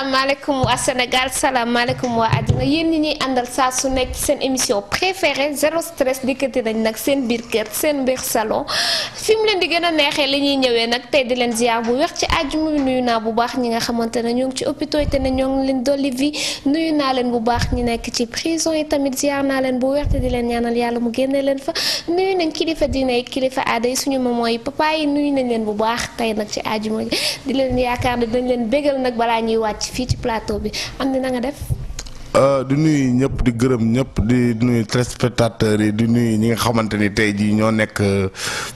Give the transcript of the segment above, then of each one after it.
salaamaaleykum waa Sénégal salaamaaleykum waa àddina yéen ñi ñuy àndal saa su nekk seen émission préférée zéro stress dikkati nañ nag seen biir kër seen biir salon fi mu leen di gën a neexee li ñuy ñëwee nag tey di leen ziar bu weex ci àjjuma bi nuyu naa bu baax ñi nga xamante ne ñoo ngi ci hôpital te ne ñoo leen dolli vie nuyu naa leen bu baax ñu nekk ci prison yi tamit ziar naa leen bu weex te di leen ñaanal yàlla mu génne leen fa nuyu nañ kilifa diine yi kilifa aada yi suñu maman yi papa yi nuyu nañ leen bu baax tey nag ci àjjuma di leen yaakaar ne dañ leen bégal nag balaa ñuy wàcc fii ci plateau bi am ni na nga def. Euh, di nuy ñëpp di gërëm ñëpp di nuyu téléspectateurs yi di nuyu ñi nga xamante ni tey jii ñoo nekk euh,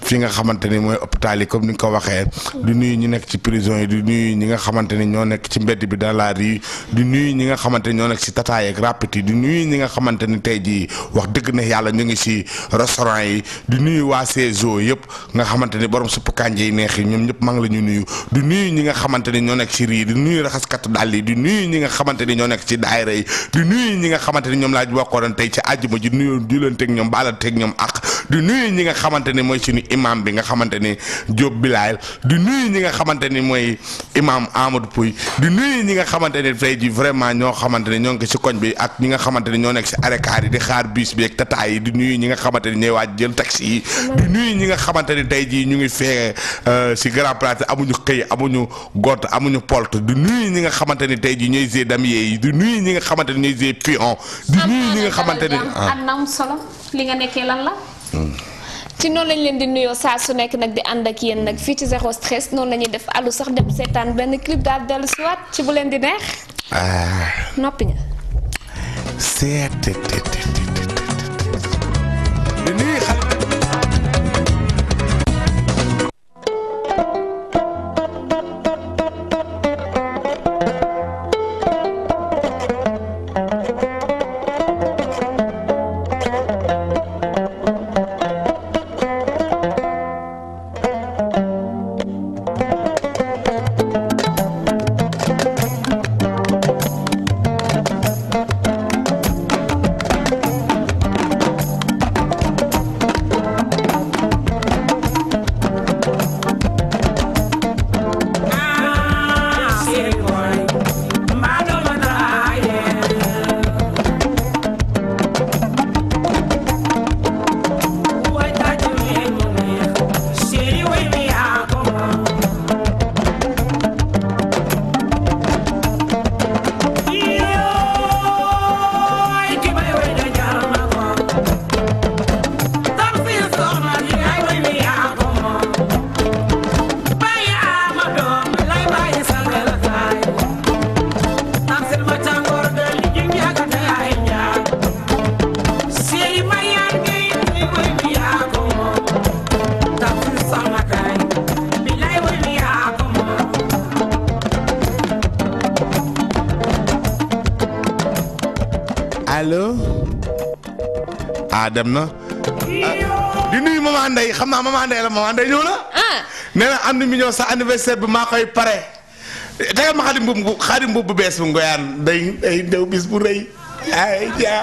fi nga xamante ni mooy hôpital yi comme ni nga ko waxee. di nuyu ñi nekk ci prison yi di nuy ñi nga xamante ni ñoo nekk ci mbedd bi dans la rue di nuyu ñi nga xamante ni ñoo nekk si tataay ak rapide yi ñi nga xamante ni tey jii wax dëgg na yàlla ñu ngi si restaurant yi di nuy waa CESO yëpp nga xamante ni borom supp kànja yi neex yi ñoom ñëpp maa ngi la ñu nuyu di nuyu ñi nga xamante ni ñoo nekk si rii di nuyu raxaskatu dàll yi di nuyu ñi nga xamante ni ñoo nekk ci daayira yi di nuyu ñi nga xamante ni ñoom laa waxoon tey ci àjjuma ji ñi nga xamante ni mooy suñu imam bi nga xamante ni Diop Bilaal di ñi nga xamante ni mooy imam Amadou Pouy di nuyu ñi nga xamante ni tey ji vraiment ñoo xamante ni ñoo ngi si koñ bi ak ñi nga xamante ni ñoo nekk si arekaar yi di xaar bus bi ak tataay yi di nuyu ñi nga xamante ni ñooy waaj jël taxi yi ñi nga xamante ni tey jii ñu ngi fee si grand place amuñu xëy amuñu gott amuñu polt di nuyu ñi nga xamante ni tey ji ñooy g dam yi di nuyu ñi nga xamante moderniser puant di nga xamante ne am ah. na solo li nga nekkee lan la ci noonu lañ leen di nuyoo saa su nekk nag di ànd ak yéen nag fii ci zéro stress noonu la ñuy def alu sax dem seetaan benn clip daal dellu siwaat ci bu leen di neex ah. noppi ña dem na. Ah, di nuyu maman Ndeye xam naa maman Ndeye la maman Ndeye ñëw na. Ah. nee na ànd mi ñëw sa anniversaire bi maa koy pare. tegal ma xaadim bu xaadim bu bees bu ngoyaan day day ndew bis bu rëy ay jaa.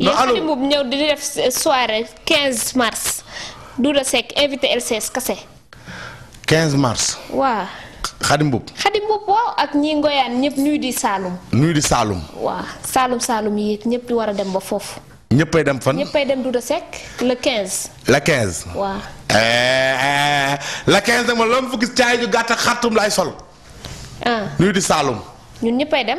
non allo yéen ñëw di def soirée 15 mars Duda Seck invité LCS kase. 15 mars. waaw. Xadim Boub. Xadim Boub waaw ak ñi ngoyaan ñëpp ñuy di Saalum. ñuy di Saalum. waaw Saalum Saalum yi ñëpp di war a dem ba foofu. ñëppay dem fan. ñëppay dem Duda Seck le 15. le 15. waaw. Eh, eh, eh. le 15 dama loolu ma gis caay ju gàtt xartum lay sol. ah ñuy di Saalum. ñun ñëppay dem.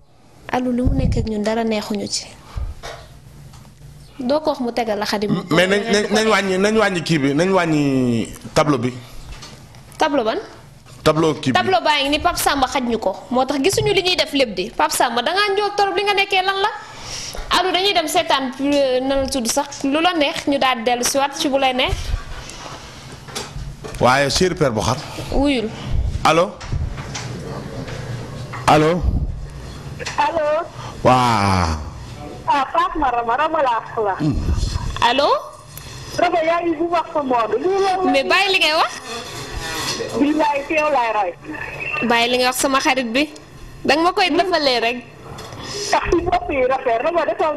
alu lu nek ak ñun dara neexuñu ci doo ko wax mu tégal la xadim mais nañ nañ wañi nañ wañi ki bi nañ wañi tableau bi tableau ban tableau ki bi tableau baa ni pap Samba xajñu ko motax gisunu li ñuy def lepp di pap Samba da nga njool torop li nga nekké lan la alu dañuy dem seetaan euh, na la tudd sax lu la neex ñu daal delu ci wat ci bu lay neex waye chéri père bokhar wuyul allo allo allo. waaw. ah Pape Marama Rama laa mais bàyyi li ngay wax. billaay ci bàyyi li nga wax sama xarit bi. danga ma koy hmm? defalee rek. tax rafet Rama defal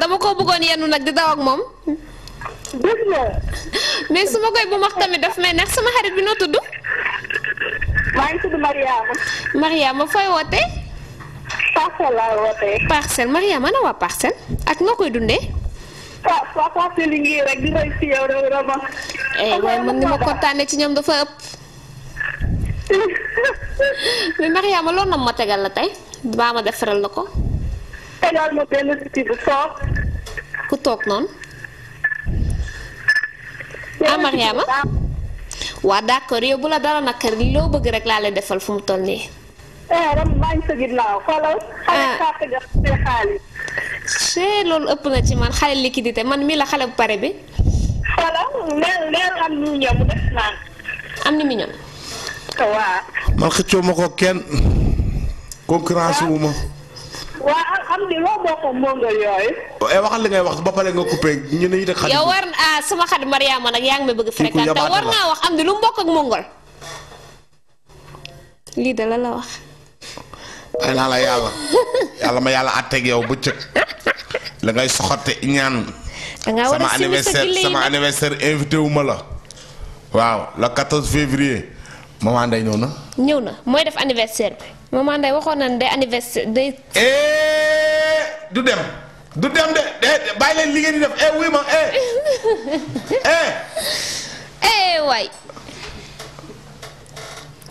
dama ko bëggoon yenn nag di daw ak moom. dëgg la. mais su ma koy bu max tamit daf may neex sama xarit bi noo tudd. maa ngi tudd Mariama. Mariama fooy wootee. parcelle laa na waa parcelle ak noo koy dundee. waaw waaw parcelle yi eh, ma ci ñoom dafa ëpp. mais tegal la tey baa ma defaral la ko. tegal toog. ku toog noonu. ah Mariama. waa d'accord yow bu la dara nag loo bëgg rek laa lay defal fu mu toll nii. Eh, ah loolu ëpp na ci man xale liquidité man mii la xale bu pare bi. am ni million. man xëccoo ma ko kenn concurrence waaw xam ni loo bokk mbongo yooyu. Eh, waxal li ngay wax ba pare nga coupé yow war ah sama xarit Mariama nag yaa ngi may bëgg fréquenté war naa wax am di lu mbokk ak mongol. lii da la wax. xëy naa la yàlla yàlla ma yàlla àtteeg yow bëccëg la ngay soxote ñaan. danga war a sama anniversaire sama anniversaire invité wu ma la. waaw le 14 février. maman Ndeye ñëw na. ñëw na mooy def anniversaire bi. maman Ndeye waxoon nañ day anniversaire day. Eh, du dem du dem de bàyyi leen liggéey di def eh ma eh. eh. eh waay.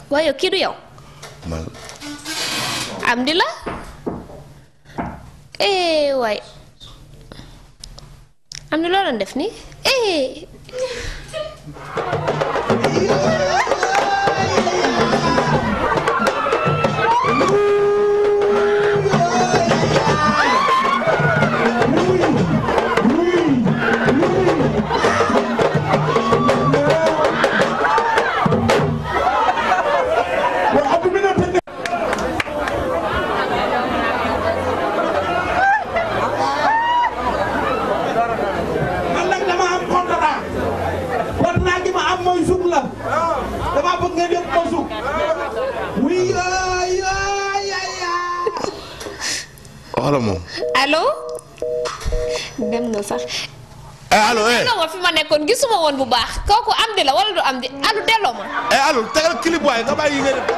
waaye kii du yow. am di la. eh waay. am na loo doon def nii eh. la moom. allo. dem na sax. allo eh allo eh. fi ma nekkoon gisuma woon bu baax kooku am di la wala du am di allo delloo ma. Eh, allo tegal clip waaye nga bàyyi nga def.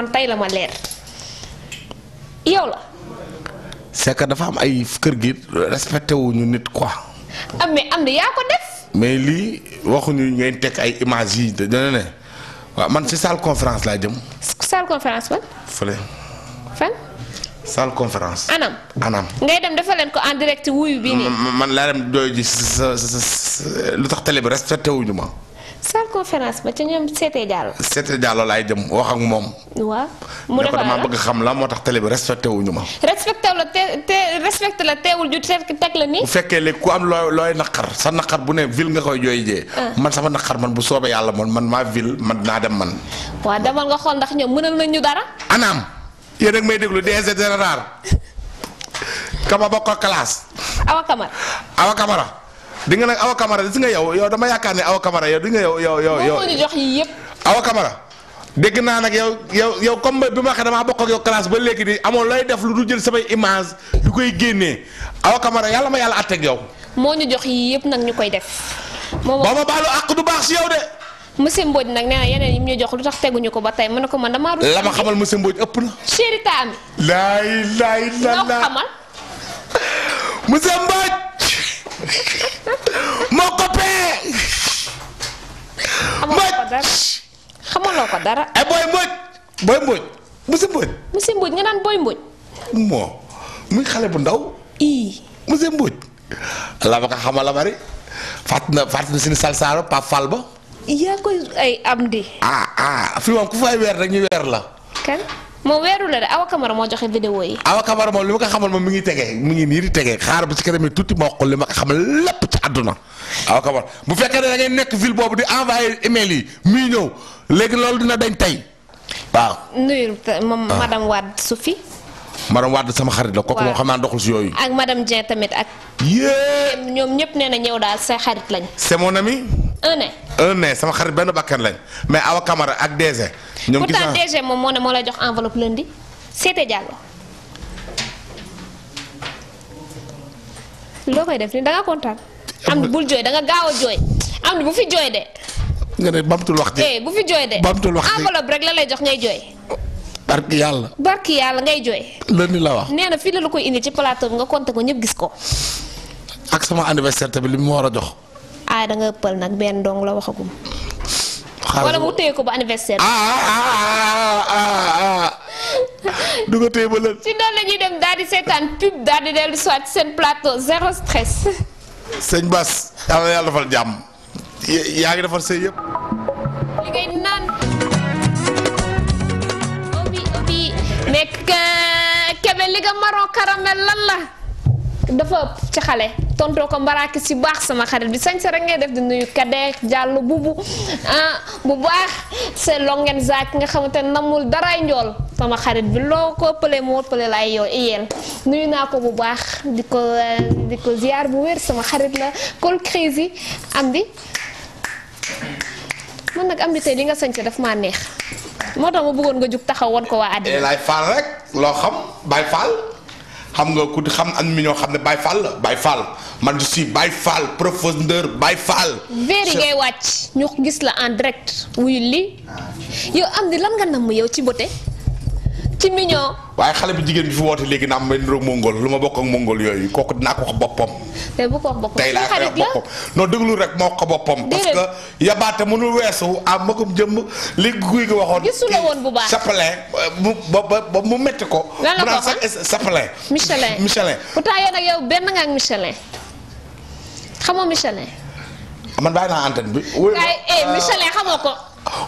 man tey la ma leer yow la. c'est que dafa am ay kër gi respecté wuñu nit quoi. ah am na yaa ko def. mais lii waxuñu ngeen teg ay image yi dana ne waaw man ci salle conférence laa jëm. salle conférence fan. fan. salle conférence. anam anam. ngay dem dafa leen ko en direct wuyu bi nii. man laa dem doy sa sa sa lu tax tele bi respecté ma. conférence ba ci ñoom Seete Diallo. Seete Diallo laay jëm wax ak moom. waaw mu defal la bëgg xam la moo tax télé bi respecté wuñu ma. respecté la te te respecté la teewul ju teg la nii. bu fekkee léegi ku am looy looy naqar sa naqar bu ne ville nga koy jooy jee. Ah. man sama naqar man bu soobee yàlla man man maa ville man naa dem man. waaw demal nga xool ndax ñoom mënal nañ dara. anaam yéen may déglu DG Général. kama bokk classe. awa kamara awa di nga nag Awa Kamara si nga yow yow dama yaakaar ne Awa Kamara yow di nga yow yow yow yow jox yi yëpp Awa Kamara dégg naa nag yow yow yow comme bi ma waxee damaa bokk yow classe ba léegi di amoon lay def lu du jël samay image yu koy génnee Awa Kamara yàlla ma yàlla àtteeg yow moo ñu jox yi yëpp nag ñu koy def moom ba ma baalu àq du baax si yow de monsieur Mbodj nag nee na yeneen yi mu ñu jox lu tax teguñu ko ba tey mu ne ko man damaa rus la ma xamal monsieur Mbodj ëpp na mbooj xamuloo ko dara. eh booy mbooj. booy mbooj monsieur mbooj. monsieur mbooj ñu naan booy mbooj. moo muy xale bu ndaw. ii monsieur mbooj. la ma ko xamal la bari fàtt na fàtt na suñu salsaaro Pape Fall iya, ay am ah ah fi moom ku fay weer rek ñu weer la. kan moo weeru la de Awa Kamara moo joxe vidéo yi. Awa Kamara moom li ma ko xamal moom mi ngi tege mi ngi nii di tege xaar bu si kanam tuuti ma wax ko ko xamal lépp. àdduna waaw kabar bu fekkee ne da ngay nekk ville boobu di envoyé email yi muy ñëw léegi loolu dina dañ tey waaw. nuyu moom ah. madame Wade su fi. madame Wade sama xarit la. waaw kooku moom xam naa si yooyu. ak madame Dieng tamit ak. yéen ñoom ñëpp nee na ñëw daal say xarit lañ. c'est mon ami. un an. un sama xarit benn bakkan lañ mais Awa Camara ak DG. ñoom gis naa pourtant moom moo ne moo lay jox enveloppe lundi seete Diallo. loo koy def nii da kontaan. am bul jooy da nga gaaw a jooy am bu fi jooy de. nga ne bamtul wax de. Eh, bu fi jooy de. bamtul wax de enveloppe rek la lay jox ngay jooy. barki yàlla. barki yàlla ngay jooy. lënd la wax nee fii la la koy indi ci plateau bi nga compté ko ñëpp gis ko. ak sama anniversaire tamit li mu war a jox. ah da nga ëppal nag benn dong la waxagum. wala mu téye ko ba anniversaire. Ah, ah, ah, du nga téye ba lënd. si noonu la ñuy dem daal di seetaan pub daal dellu soit seen plateau zéro sëñ Bass yàlla na yàlla defal jàmm yaa ngi defal sëy yëpp. li ngay naan. obi obi nekk kebe li nga marron caramel lan la dafa ëpp ci xale. tonto ko mbaraki ci bax sama xarit bi sañse rek ngay def di nuyu kadé jallu bubu ah bu bax ce longen zaak nga xamantene namul dara ñol sama xarit bi loko ko mo moo lay yo yow nuyu nako bu bax di diko di ziar bu wér sama xarit la kol crise am di man nak am di tey li nga sañse daf ma neex motax mo bëggon nga juk taxaw ko wa adé eh, lay fal rek lo xam bay fal xam nga ku xam am na ñoo xam ne Baye Fall la Baye Fall man je suis Baye Fall profondeur Baye Fall. véeri ngay wàcc ñu gis la en direct wuyu lii yow am di lan nga namm yow ci bote. ci mignon. waaye xale bi jigéen bi fi woote léegi naa mel ni mongol lu ma bokk ak mongol yooyu kooku dinaa ko wax boppam. tey bu ko wax boppam tey laa koy rek moo ko boppam. parce que yabaate mënul weesu ah magum jëmm li guy bu mu ba ba mu métti ko. lan la ko sax sapalin. Michelin Michelin. pourtant yow yow benn nga ak Michelin xamoo Michelin. man bàyyi naa antenne bi. wóor na eh, Michelin xamoo ko.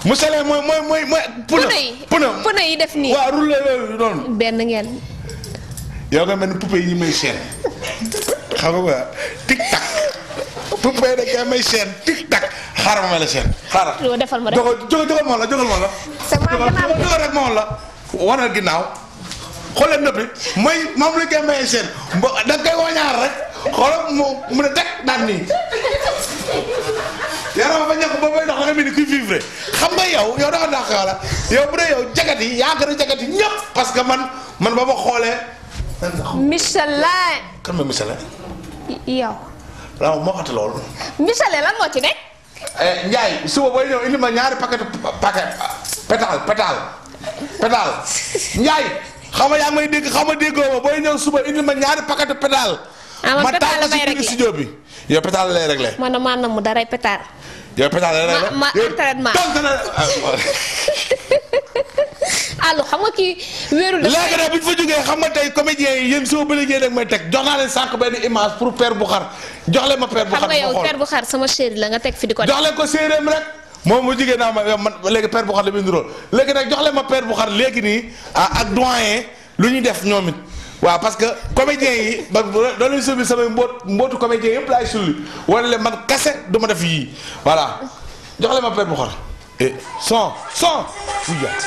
musalay mooy mooy mooy mooy. puna puna puna yi def nii. waaw roulé loolu noonu. benn ngeen. yow nga mel ni poupée yi ñu may seen xam nga tic tac poupée da nga may seen tic tac xaaral ma la seen. xaaral yow defal ma de jogal jogal ma la jogal ma la. jogal rek ma la. waral ginnaaw xoolee nëbbi mooy moom la nga may seen mbo da nga wañaar rek xoolal mu mu ne teg daan nii. ba may dox nga mel ni kuy vivre xam nga yow yow da xala yow bu yow jagat yi parce que man man ba ma Michelin. kan mooy Michelin. yow. waaw moo xati loolu. Michelin lan moo ci nekk. Ndiaye suba booy ñëw indi ma ñaari paquet paquet pétale pétale pétale Ndiaye xam nga may dégg xam nga ma booy ñëw suba indi ma ñaari paquet ma si studio bi yow ya, pétale lay réglé. man maa namm daray yow pétanque la la ma entraînement ah, allo xam nga kii wéeru la léegi nag bu ñu fa jógee xam nga tey comédien yi yéen soo bëri ngeen ak may teg jox naa leen sànq benn image pour per bu xar jox leen ma père bu xar. xam nga yow père bu xar sama chéri la nga teg fi di ko. jox leen ko séeréem rek moom mu jigéen naa ma man léegi père bu xar la muy niróol léegi nag jox leen ma père bu xar léegi nii ah ak doyen lu ñuy def ñoom Voilà, parce que comédien, dans les services, ça veut dire comédien, il place sur lui. Voilà, les mains cassées de ma fille. Voilà. Je vais aller m'appeler pour moi. Et sans, sans, fouillette.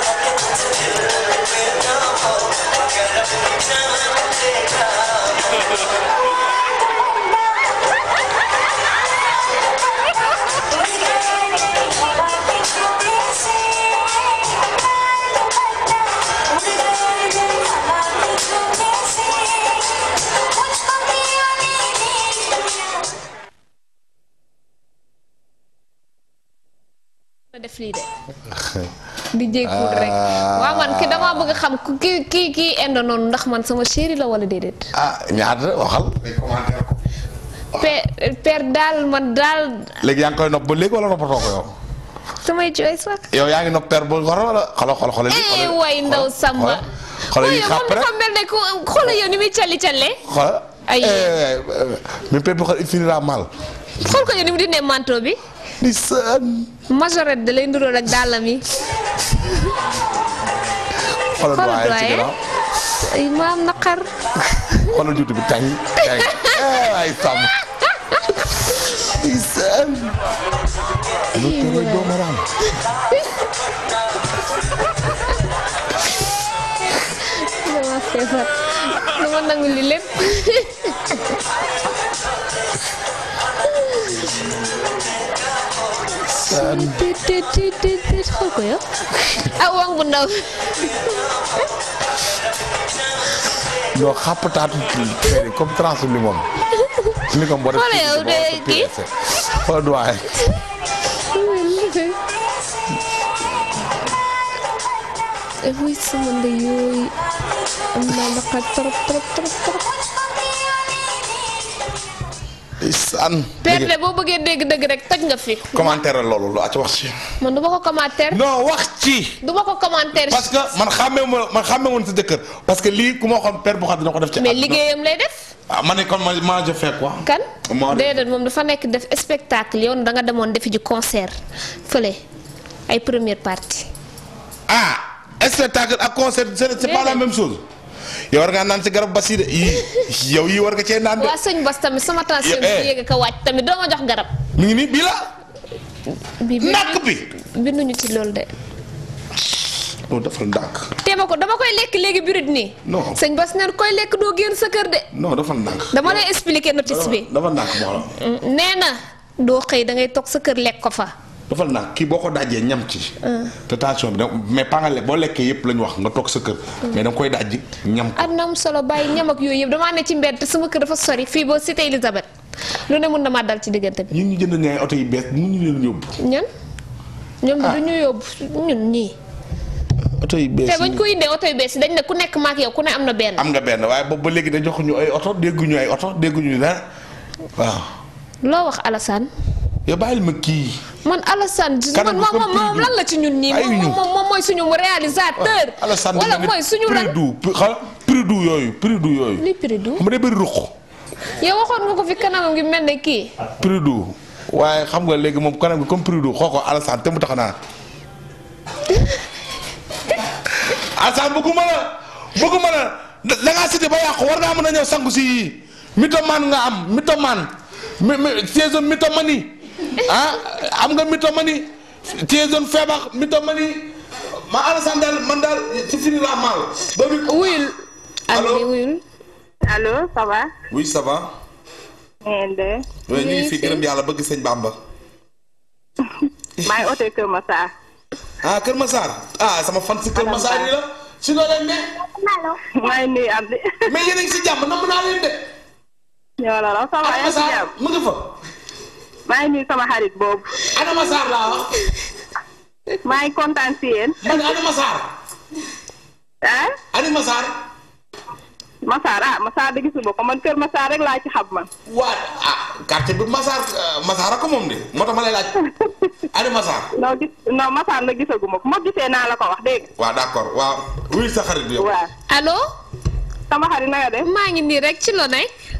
di jéegul rek ah. waaw man ki damaa bëgg xam ki ki kii noonu ndax man sama chéri la wala déedéet. ah ñaata waxal. père père daal man daal. léegi yaa ngi koy nopp ba léegi wala noppatoo ko yow. samay jooy sax. yow yaa ngi nopp père bu xoro wala yi eh, muy calli calle. xolo ay eh, mais père bu xol il finira mal. xool ko yow ni mu dindee manteau bi. di saan. majorette da lay nduróol ak dàllam yi. xoolal waaye ay maam naqar. xoolal juuti bi tàng tàng ay fam. isaan. lu tere doomaram. dama feebar. dama nangu li lépp. xool ko yow ah wong bu ndaw. non xàppataatu kii comme tranche bi ko mën a kii xool yow de kii. sama ndey yooyu am naa ndeysaan. père de boo bëggee dégg dëgg rek toj nga fi. commentaire loolu laa ci wax ci. man du ma ko commentaire. non wax ci. du ko commentaire. parce que man xàmmee ma man xàmmee woon sa jëkkër parce que lii ku ma waxoon père bu xam dina ko def. ci mais liggéeyam lay def. ah ma ne kon ma maa je fais quoi. moom dafa nekk def spectacle yow da nga demoon defi ji concert fële ay première partie. ah spectacle ak concert c'est pas la même chose. yow nga nanti ci garab bas yi yow yi war nga ci nan wa seigne bas tamit sama tension bi yéeg ka wacc tamit do ma jox garab. mi ngi ni bi la. bi bi. binduñu ci lol de. do oh, dafa ndak tee ma ko dama koy lek legi birid ni non sëñ bas neen koy lek do génn sa kër de. non dafa ndak dama lay expliquer notice bi. dafa ndànk la neena do xey da ngay tok sa kër lek ko fa. dafal naa kii boo ko dajee ñam ci. Euh. te tension bi da mais pangale boo lekkee yëpp lañu wax nga toog sa kër. Mm. mais da nga koy dajji ñam ko. na am solo bàyyi ñam ak yooyu yëpp dama damaa ne ci mbedd te sama kër dafa sori fii boo cité Elisabeth lu ne mun na maa dal ci diggante bi. ñun ñu jënd ñaari oto yu bees mënuñu leen yóbbu. ñan ñoom du ah. ñu yóbbu oto yu bees yi te bañ ko indee oto yu bees yi dañ ne ku nekk maak yow ku ne am na benn. am nga benn waaye boobu ba léegi da joxuñu ay oto dégguñu ay oto dégguñu dara waaw. loo wax Alassane ya bayil ma ki man Alassane man mom mom lan la ci ñun nii mom mom moy suñu réalisateur ah, wala moy suñu lan pridu yooyu pridu yoy li pridu xam nga day bëri ruq yow waxoon nga ko fi kanam gi melni ki kii pridu xam nga léegi mom kanam gi comme pridu xoko Alassane te mu tax naa Alassane bëgguma la bëgguma la da ngaa cité ba yaq war ngaa mëna a sangu nga am mitoman mitomani ah am nga mythomanie liaison feebar mythomanie ma Alassane daal man dal ci fini la mal ba wuyul allo allo ça va. oui ça va. ende de. oui ñu fi gërëm yalla bëgg señ Bamba. may ngi keur Kër Massar. ah Kër Massar ah sama fan si Kër Massar yi la. ci loo leen ne. may ni nuyu Abdi. mais yéen ci jamm na mëna namm naa leen de. ñoo la la ça va yaa ngi si mu ngi fa. maa ngi nuyu sama xarit boobu. Adama Sarr laa wax. maa ngi kontaan si yéen. man Adama Sarr. ah. Adama Sarr. Massar ah de gisuma man kër rek laa ci xam man. waa ah quartier euh, moom de moo ma lay laaj. Ada Massar. non gis non Massar nag gisaguma ko ma gisee naa la ko wax dégg nga. d'accord waaw wuyu sa xarit bi yow. waaw sama xarit na nga maa ngi nii rek ci lo nekk.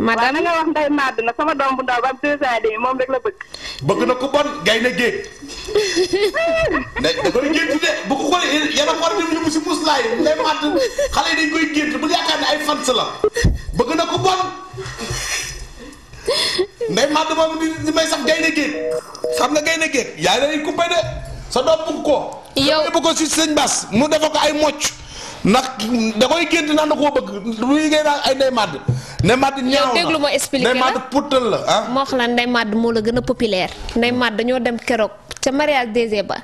madame waaw nga wax Ndeye Madina sama doom bu ndaw ba am deux ans et moom rek la bëgg. bëgg na ku bon gay na ndax da koy gént de ko xoolee la bëgg na ku bon. Ndeye Madina na géej xam nga gay na bëgg ko. yow bëgg ko mu defa ko ay mocc ndax da koy gént naan koo bëgg Ndeye Madi ñaaw ma expliqué ah. la Ndeye Madi putal la ah. moo xam ne màdd moo la gën a populaire Ndeye Madi dañoo dem keroog ca mariage des ba.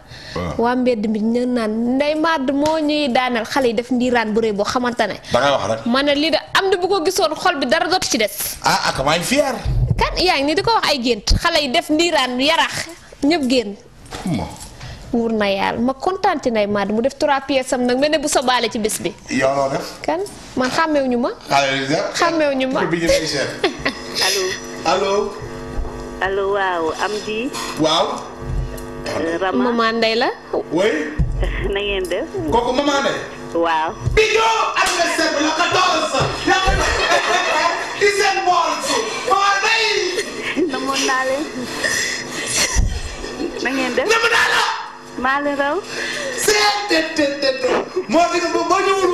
waa mbedd mi ñu naan ndey Madi moo ñuy daanal xale yi def ndiiraan bu rëy boo xamante ne. da lii de am na bu ko gisoon xol bi dara dootu ci des. ah ak fier. kan yaa ngi di ko wax ay gént xale yi def ndiiraan yarax ñëpp génn. wur na yàlla ma kontaante nay maa mu def trois pièces am nag mel bu sobalé ci bés bi. yow ya, lo def. kan man xàmmeewu ñuma ma. ñuma ñu ma allo. allo. allo waaw Amdi. waaw. Eh, Rama maman la. oui. na ngeen def. kooku maman Ndeye. waaw. Bidio anniversaire bi la ko doon sa. yaa ngi lay di seen bool si. maman Ndeye. namoon naa leen. na ngeen def. namoon naa la. maa leen raw. seet te te te te moo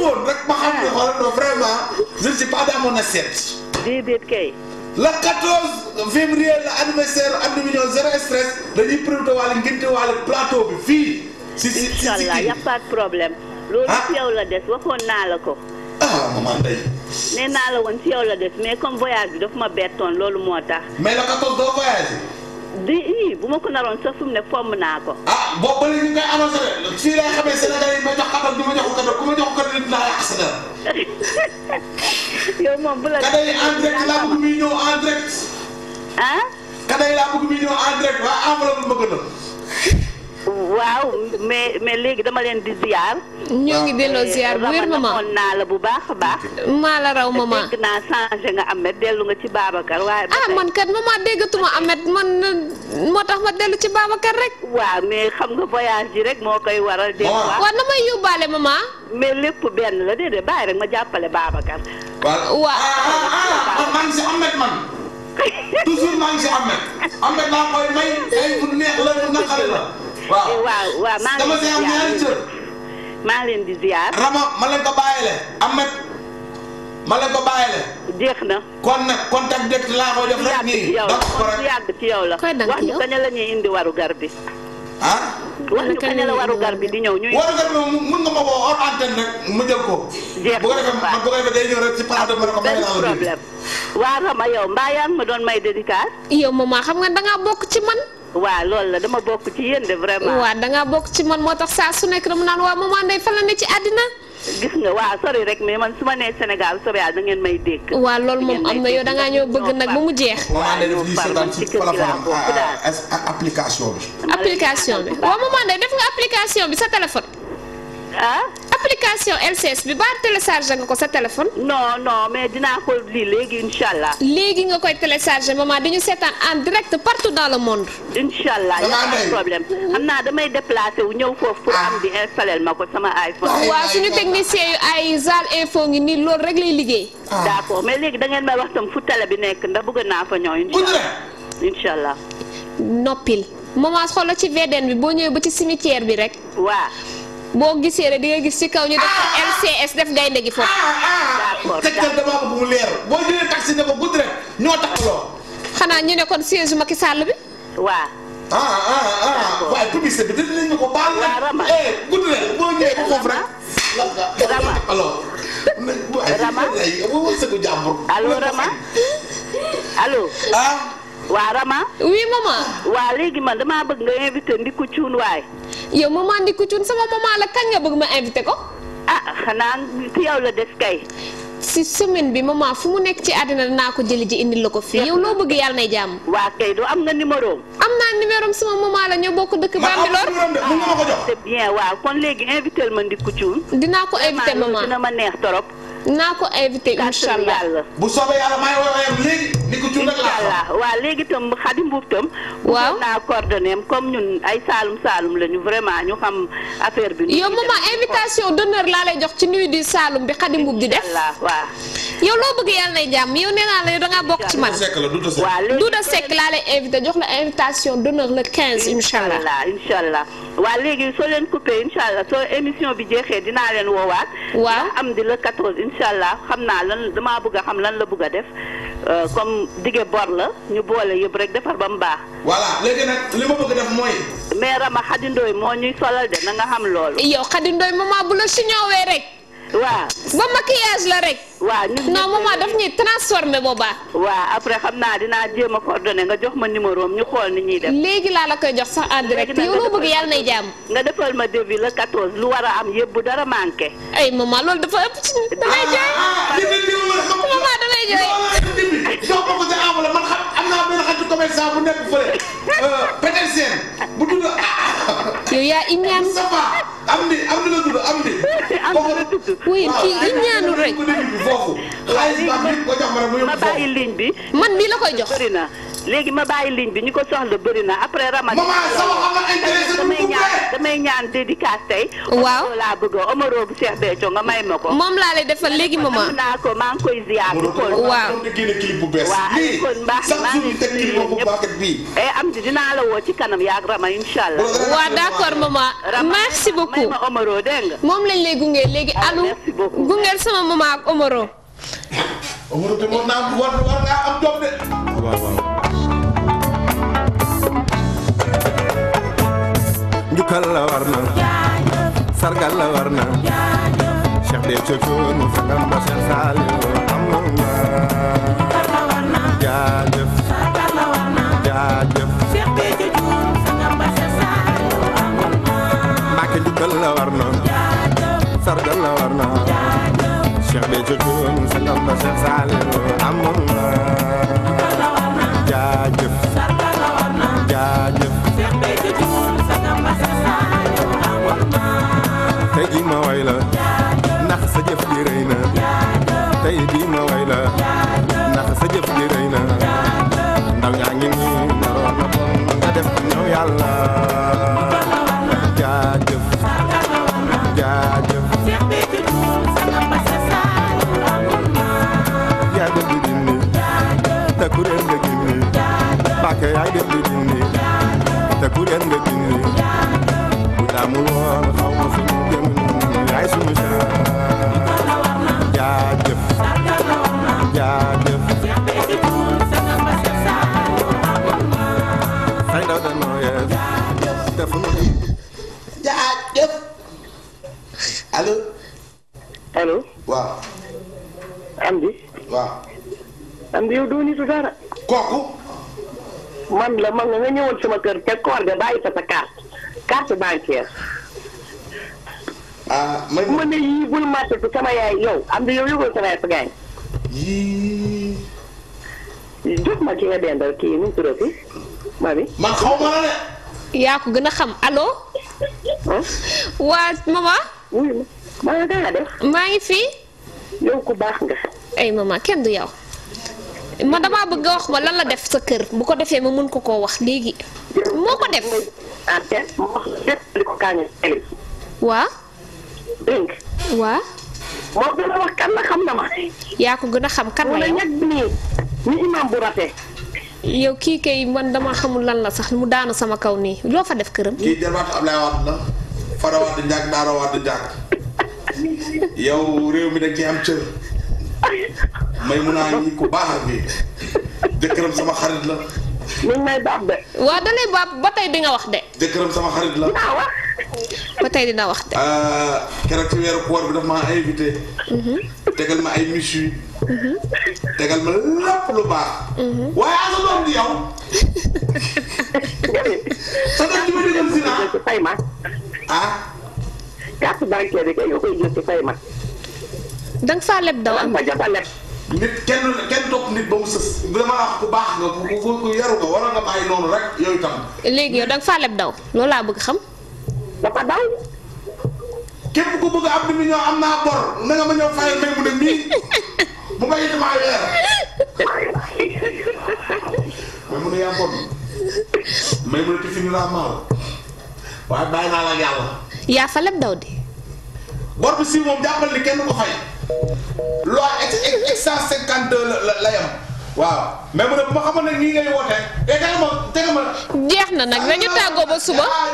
woon rek ma xam ne xoolal vraiment je ne suis pas dans mon assiette. déedéet kay. le 14 février la anniversaire Addu Million zéro stress dañuy prévuté wàllu ngénte plateau bi fii. si si si a de problème. loolu ah. ci yow la des waxoon naa la ko. ah naa la woon ci yow la des mais comme voyage bi daf ma bettoon loolu moo tax. mais le 14 doo voyagé. di bu ma ko naroon sax fu mu ne fomm naa ko. ah boo ba léegi ñu koy annoncé de fii lay xamee Sénégal yi ma jox xamal bi ma jox ko kaddu ku ma jox ko kaddu yi dinaa yàq sa dara. yow moom bu la. kaddu yi en direct laa bëgg muy ñëw en direct. ah. kaddu yi laa bëgg muy ñëw en direct waaye enveloppe bi ma ko waaw mais mais léegi dama leen di ziar. ñoo ngi delloo eh, ziar bu wér maman ramadama naa la bu baax baax. maa la raw maman dégg naa changé nga Ahmed dellu nga ci Babacar waaye. ah man kat maman déggatuma Ahmed man moo tax ma dellu ci Babacar rek. waaw mais xam nga voyage ji rek moo koy waral. dégg nga waaw na may yóbbaale maa mais lépp benn la déedéet bàyyi rek ma jàppale Babacar. waaw ah, ah, ah, waa eh, waaw maa ngi leen di ziar dama ñaari maa leen di ziar. Rama ma leen ko bàyyile Ahmed ma leen ko bàyyile. jeex na. kon nag contact direct laa koy def rek nii. donc correct yàgg ci yow la wax ñu kañ la indi waru bi. ah. wax ñu kañ la waru bi di ñëw ñuy. waru bi mun nga ma woo hors antenne rek mu jël ko. jeex na bu ko defee bu ko defee day ma problème. waa yow mbaa ma doon may dédicace. yow moom xam nga da ngaa bokk ci man. waaw loolu la dama bokk ci yéen de vraiment. waaw da ngaa bokk ci man moo tax saa su nekk dama naan waa maman Ndeye fan la ne ci àddina. gis nga waaw sori rek mais man su ma nee Sénégal sori ah, da ngeen may dégg. waaw loolu moom am na yow da ngaa ñëw bëgg nag ba mu jeex. waaw ñoo far man ci kër gi laa bokk daal application bi. application bi waaw maman Ndeye def nga application bi sa téléphone. ah. application LCS bi ba téléchargé nga ko sa téléphone. non non mais dinaa ko lii léegi incha allah. léegi nga koy téléchargé di ñu seetaan en direct partout dans le monde. incha allah y' problème xam naa damay déplacé wu ñëw foofu pour ah. am di installé ma ko sama iPhone. waaw suñu technicien yu ay Zaal info ngi nii loolu rek lay liggéey. Ah. d' mais léegi da ngeen may wax tam fu télé bi nekk ndax bëgg naa fa ñëw incha allah. incha allah. noppil maman xoolal ci VDN bi boo ñëwee ba ci cimetière bi rek. waaw. boo gisee rek di nga gis ci kaw ñu def LCS def gaynde gi foofu. te tegtal damaa boo jëlee taxi ne ko gudd ñoo tax so xanaa ñu ne kon siège Macky Sall bi. waaw. ah ah ah waaye publicité bi dinañ ñu ko baal rek. waaw Rama eh gudd rek ah. waa Rama. oui maman. waa léegi man damaa bëgg nga invité Ndickou Thioune waay. yow maman Ndickou Thioune sama maman la kañ nga bëgg ma invité ko. ah xanaa ci yow la des kay. si semaine bi maman fu mu nekk ci àddina dinaa ko jëli ji indi la ko fii yow loo bëgg yàlla nay jàmm. waa kay du am na numéro am naa numéro sama maman la ñoo bokk dëkk Bambilor. mën nga ma ko jox ah, c'est bien waaw kon léegi invité ma Ndickou Thioune. dinaa ko invité maman dina ma neex torop naa ko invité incha waa bu soobee yàlla may woowee léegi ni ko tur ak laa naa coordonné comme ñun ay saalum saalum lañu vraiment ñu xam affaire bi. yow moom invitation d'honneur laa lay jox ci nuyu di saalum bi xadi mbuub di def. waaw yow loo bëgg yàlla nay jàmm yow nee la yow da bokk ci man. duuda sekk laa lay invité jox la invitation d'honneur le 15 incha léegi soo leen coupé incha soo émission bi jeexee dinaa leen woowaat. waaw am di le 14 incha allah xam naa lan damaa bëgg a xam lan la bëgg a def euh, comme dige bor la ñu boole yëpp rek defar ba mu baax. voilà léegi nag li ma bëgg def mooy. mais Rama Khady Ndoye moo ñuy solal de na nga xam loolu. yow Khady Ndoye maman bu la su ñëwee rek. waaw ba maquillage la rek. waa ñun non maman daf ñuy transformé boobaa. waaw après xam naa dinaa jéem a coordonné nga jox ma numéro am ñu xool ni ñuy def. léegi laa la koy jox sax en direct yow loo bëgg yàlla nay jàmm. nga defal ma début le 14 lu war a am yëpp bu dara manqué. ay maman loolu dafa ëpp ci damay jooy. maman damay jooy. commerçant bu nekk euh, bu tudd yow yaa iñaan rek bi ma rek ma bi man mii la koy jox bëri na léegi ma bàyyi ligne bi ñu ko soxla bëri après ramadan damay ñaan damay ñaan waaw laa bëgg Omaro bu Cheikh Béthio nga may ma moom laa lay defal léegi maman naa ko maa ngi koy ziar bi waaw waaw kon mbaax maa ngi ñëpp baaxet bii. Eh, am di dinaa la woo ci kanam yaag Rama incha allah. waaw d'accord maman. merci beaucoup ma Omaro dégg nga. moom lañ lay gunge léegi ah, alu. gungeel sama maman ak Omaro. Omaro te mën naa war war ngaa am doom de. waaw waaw. njukkal la war na. sargal la war na. Cheikh de Coco nu sangam ba Cheikh Saliou am na. jaajëf. la war na sargal la war na Cheikh bi ci turam sangam ba Cheikh Saliou amoon na jaajëf jaajëf tey jii ma way la ndax sa jëf ji rëy na tey jii ma way la ndax sa jëf ji rëy na ndaw yaa ngi nii naroon na bon nga def ñëw yàlla ñëwoon sama kër ca koor ga bàyyi fa sa carte carte bancaire. ah man ma ne yii bul màttatu sama yaay yow am na yow yëgul sama yaay fa gaañ. yii. jox ma ki nga dendal kii nu mu tudd fi mami. man xaw ma la de. yaa ko gën a xam allo. waa mama. wuyu ma maa ngi def. maa ngi fi. yow ku baax nga. ay mama kenn du yow. ma damaa bëgg a wax ma lan la def sa kër bu ko defee ma mën ko koo wax léegi. moo ko def. waa. dégg waa. moo gën a wax kan la xam na ma. yaa ko gën a xam kan la yow bu rafet. yow kii kay man dama xamul lan la sax mu daanu sama kaw nii loo fa def këram. kii jarbaatu Ablaye Wade la Fara Wade Ndiak Daara Wade Ndiak yow réew mi da ci am cër. may mun naa ñi ku baax a kii jëkkëram sama xarit la. mi may baax de. waaw da baax ba tey di nga wax de. jëkkëram sama xarit la. dinaa wax. ba tey dina wax de. Euh, keroog ci weeru koor bi daf maa invité. Mhm. tegal ma ay mhm. lu baax. Mhm. waaye asa doom di yow. sa doom ji ma déggoon si naa. ah. carte da nga leb daw am. ma jot leb. nit kenn kenn nit ba mu sës bu dama wax ku baax nga ku ku yaru nga wala nga bàyyi noonu rek yooyu tam. léegi yow da nga faa daw loolu laa bëgg xam. dafa daw. képp ku bëgg nga ma ñëw fayal may mu ne mii mu bàyyi may mu ne yaa bon may mu ne te waaye bàyyi naa la yàlla. yaa fa leb daw de. bor bi si moom jàppal ni kenn ko fay. loi ex 152 la la yam waaw mais mu ne bu ne nii ngay woote eh, jeex na nag nañu tàggoo ba suba ah,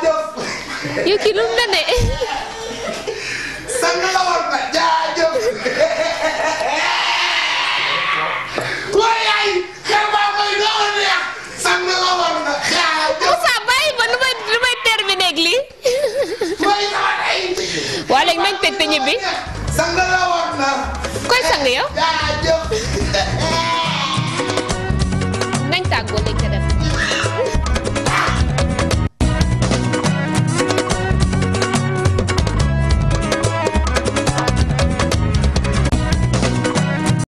yow kii lu mu la ne. sang na jaajëf. waaye yaay xel maa koy dox neex sang la war na jaajëf. ma nu may nu may terminer tëj te ñibbi. sang la war na. koy sang yow. jaajëf. nañ tàggoo.